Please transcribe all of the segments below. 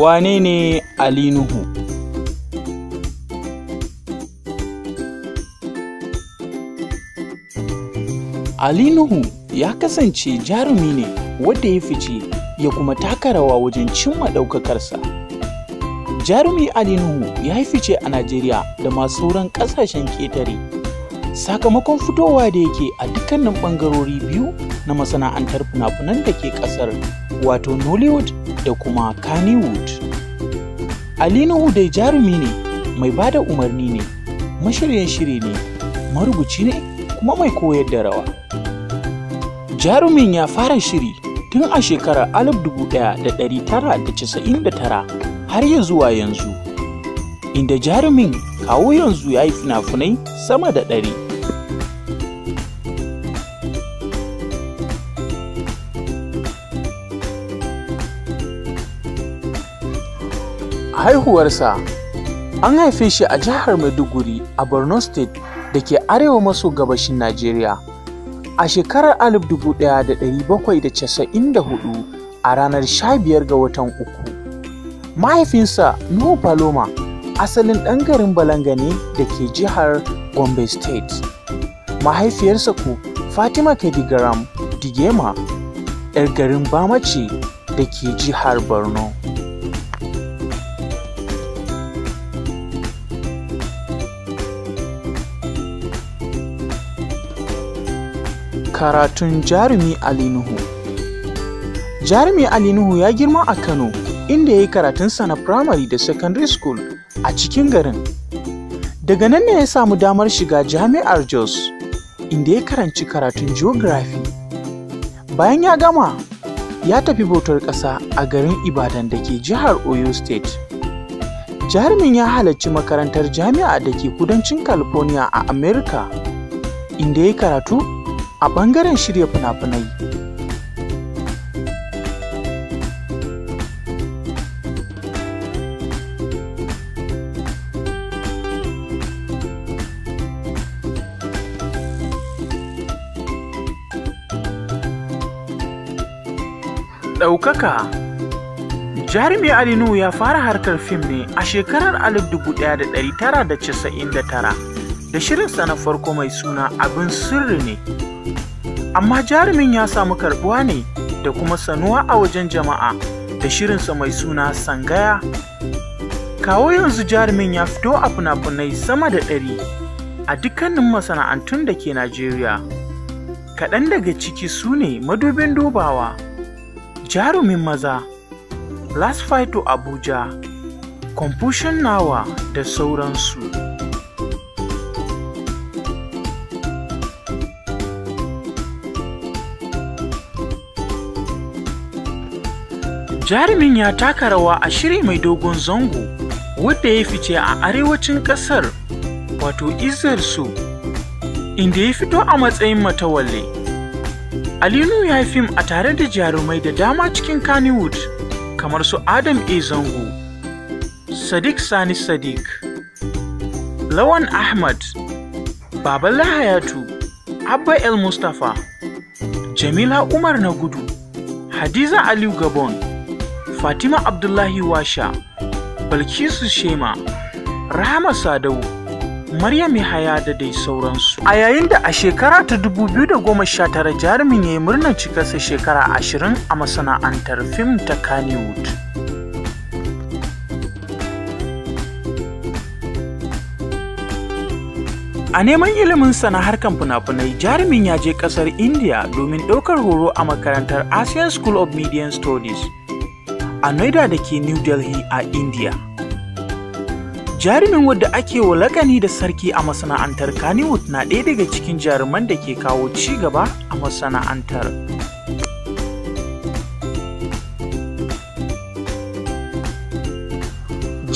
wane ne ali nuhu ali nuhu ya kasance jarumi ne wadda ya fice ya kuma taka rawa wajen cimma ɗaukakarsa jarumi ali nuhu ya yi fice a najeriya da masu sauran ƙasashen ƙetare sakamakon fitowa da yake a dukkanin ɓangarori biyu na masana'antar fina-finan da ke ƙasar wato nollywood da kuma Kannywood. Ali Nuhu dai jarumi ne, mai bada umarni ne, mashiryan shiri ne, marubuci ne kuma mai koyar da rawa. Jarumin ya fara shiri tun a shekarar 1999 har ya zuwa yanzu, inda jarumin kawo yanzu ya yi fina-finai sama da ɗari. haihuwarsa an haife shi a jihar maiduguri a borno state da ke arewa maso gabashin najeriya a shekarar 1794 a ranar 15 ga watan uku mahaifinsa nuhu paloma asalin ɗan garin balanga da ke jihar gombe state mahaifiyarsa ku fatima kadigaram digema 'yar garin bamace da ke jihar borno karatun jarumi Ali Nuhu. Jarumi Ali Nuhu ya girma a Kano inda ya yi karatunsa na firamare da secondary school a cikin garin. Daga nan ne ya samu damar shiga jami'ar Jos inda ya karanci karatun geography. Bayan ya gama, ya tafi bautar ƙasa a garin Ibadan da ke jihar Oyo State. Jarumin ya halarci makarantar jami'a da ke kudancin California a Amerika, inda ya karatu a ɓangaren shirya fina-finai. Ɗaukaka Jarumi Ali Nuhu ya fara harkar fim ne a shekarar 1999. da shirinsa na farko mai suna abin sirri ne amma jarumin ya samu karɓuwa ne da kuma sanuwa a wajen jama'a da shirinsa mai suna sangaya kawo yanzu jarumin ya fito a fina-finai sama da ɗari a dukkanin masana'antun da ke najeriya kaɗan daga ciki su ne madubin dubawa jarumin maza last fight to abuja confusion nawa da sauransu jarumin ya taka rawa a shiri mai dogon zango wadda ya fice a arewacin ƙasar wato izar su inda ya fito a matsayin matawalle alinu ya yi fim a tare da jarumai da dama cikin kannywood kamar su adam a zango sadiq sani sadiq lawan ahmad babala hayatu abba el mustapha jamila umar na gudu hadiza aliyu gabon Fatima Abdullahi Washa, Balkisu Shema, Rahama Sadau, Maryam Yahaya da dai sauransu. A yayin da a shekara ta 2019 jarumin ya yi murnar cikarsa shekara 20 a masana'antar fim ta Kannywood. A neman ilimin na harkar fina-finai, jarumin ya je ƙasar India domin ɗaukar horo a makarantar Asian School of Media Studies. a Noida da ke New Delhi a India. Jarumin wadda ake wa lakani da sarki a masana'antar Kannywood na ɗaya daga cikin jaruman da ke kawo ci gaba a masana'antar.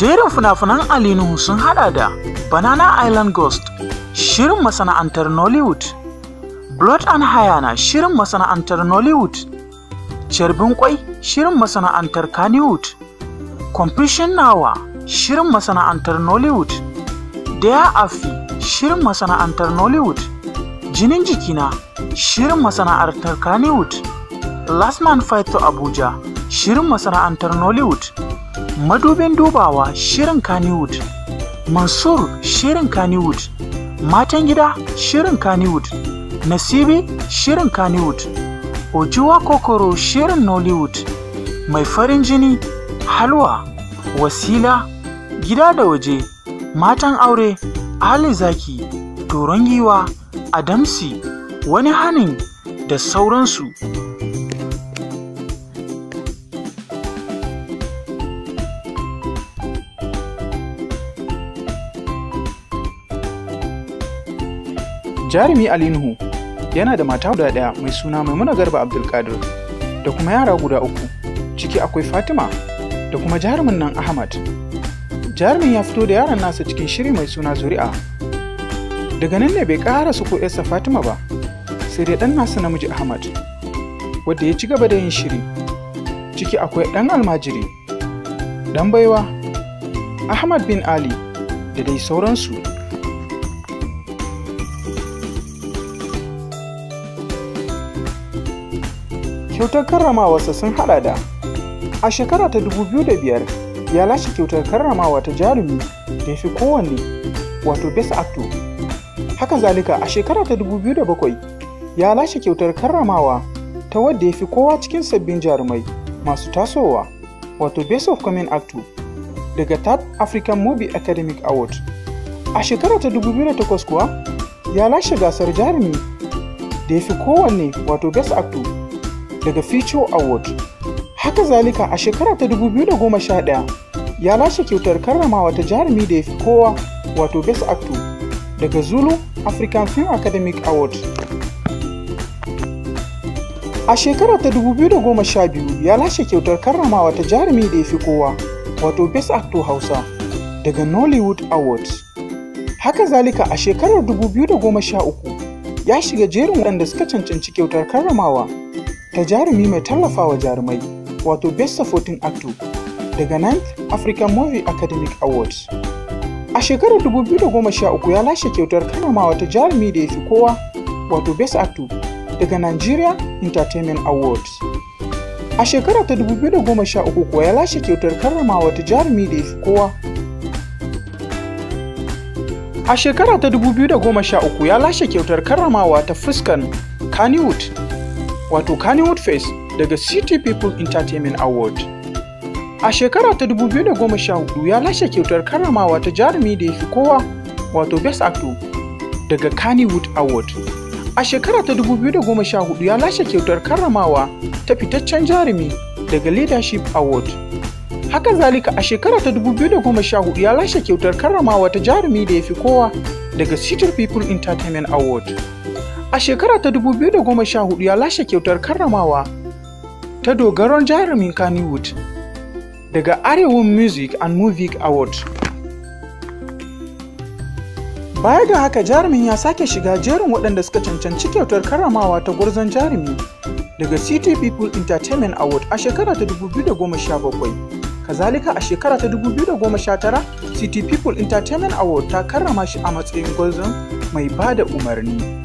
Jerin fina-finan Alinu sun hada da Banana Island Ghost, shirin masana'antar Nollywood, Blood and Haya na shirin masana'antar Nollywood, Jarbin kwai shirin masana'antar Kannywood, Confession Nawa shirin masana'antar Nollywood, Daya Afi shirin masana'antar Nollywood, Jinin Jikina shirin masana'antar Kannywood, Last Man Fight to Abuja shirin masana'antar Nollywood, Madubin Dubawa shirin Kannywood, Mansur shirin Kannywood, Matan Gida shirin Kannywood, Nasibi shirin Kannywood. ojuwa kokoro shirin nollywood mai farin jini halwa wasila gida da waje matan aure ali zaki toron giwa adamsi wani hanin da sauransu jarumi alinuhu yana da mata guda ɗaya mai suna maimuna garba abdulkadir da kuma yara guda uku ciki akwai fatima da kuma jarumin nan ahmad jarumin ya fito da yaran nasa cikin shiri mai suna zuri'a daga nan ne bai ƙara su ko yarsa fatima ba sai dai ɗan nasa namiji ahmad wadda ya ci gaba da yin shiri ciki akwai ɗan almajiri ɗan baiwa ahmad bin ali da dai sauransu kyautar karramawarsa sun hada da a shekara ta 2005 ya lashe kyautar karramawa ta jarumi da fi kowanne wato best actor haka zalika a shekara ta 2007 ya lashe kyautar karramawa ta wadda ya fi kowa cikin sabbin jarumai masu tasowa wato best of coming actor daga third african movie academic award a shekara ta 2008 kuwa ya lashe gasar jarumi da ya fi kowanne wato best actor daga Feature Award. Haka zalika a shekara ta 2011 ya lashe kyautar karramawa ta jarumi da ya fi kowa wato Best Actor daga Zulu African Film Academic Award. A shekara ta 2012 ya lashe kyautar karramawa ta jarumi da ya fi kowa wato Best Actor Hausa daga Nollywood Awards. Haka zalika a shekarar 2013 ya shiga jerin waɗanda suka cancanci kyautar karramawa Ta jarumi mai tallafawa jarumai wato Best Supporting Actor daga 9th African Movie Academic Awards. A shekarar 2013 ya lashe kyautar karamawa ta jarumi da ya fi kowa wato Best Actor daga Nigeria Entertainment Awards. A shekarar ta 2013 kuwa ya lashe kyautar karramawa ta jarumi da ya fi kowa. A shekara ta 2013 ya lashe kyautar karramawa ta fuskan Kannywood wato Kannywood Face daga City People Entertainment Award. A shekara ta 2014 ya lashe kyautar karramawa ta jarumi da ya fi kowa wato Best Actor daga Kannywood Award. A shekara ta 2014 ya lashe kyautar karramawa ta fitaccen jarumi daga Leadership Award. Haka zalika a shekara ta 2014 ya lashe kyautar karramawa ta jarumi da ya fi kowa daga City People Entertainment Award. A shekara ta 2014 ya lashe kyautar karramawa ta dogaron jarumin Kannywood daga Arewun Music and Movie Award. Baya ga haka jarumin ya sake shiga jerin waɗanda suka cancanci kyautar karramawa ta gwarzon jarumi daga City People Entertainment Award a shekara ta 2017. Kazalika a shekara ta 2019 City People Entertainment Award ta karrama shi a matsayin gwarzon mai ba da umarni.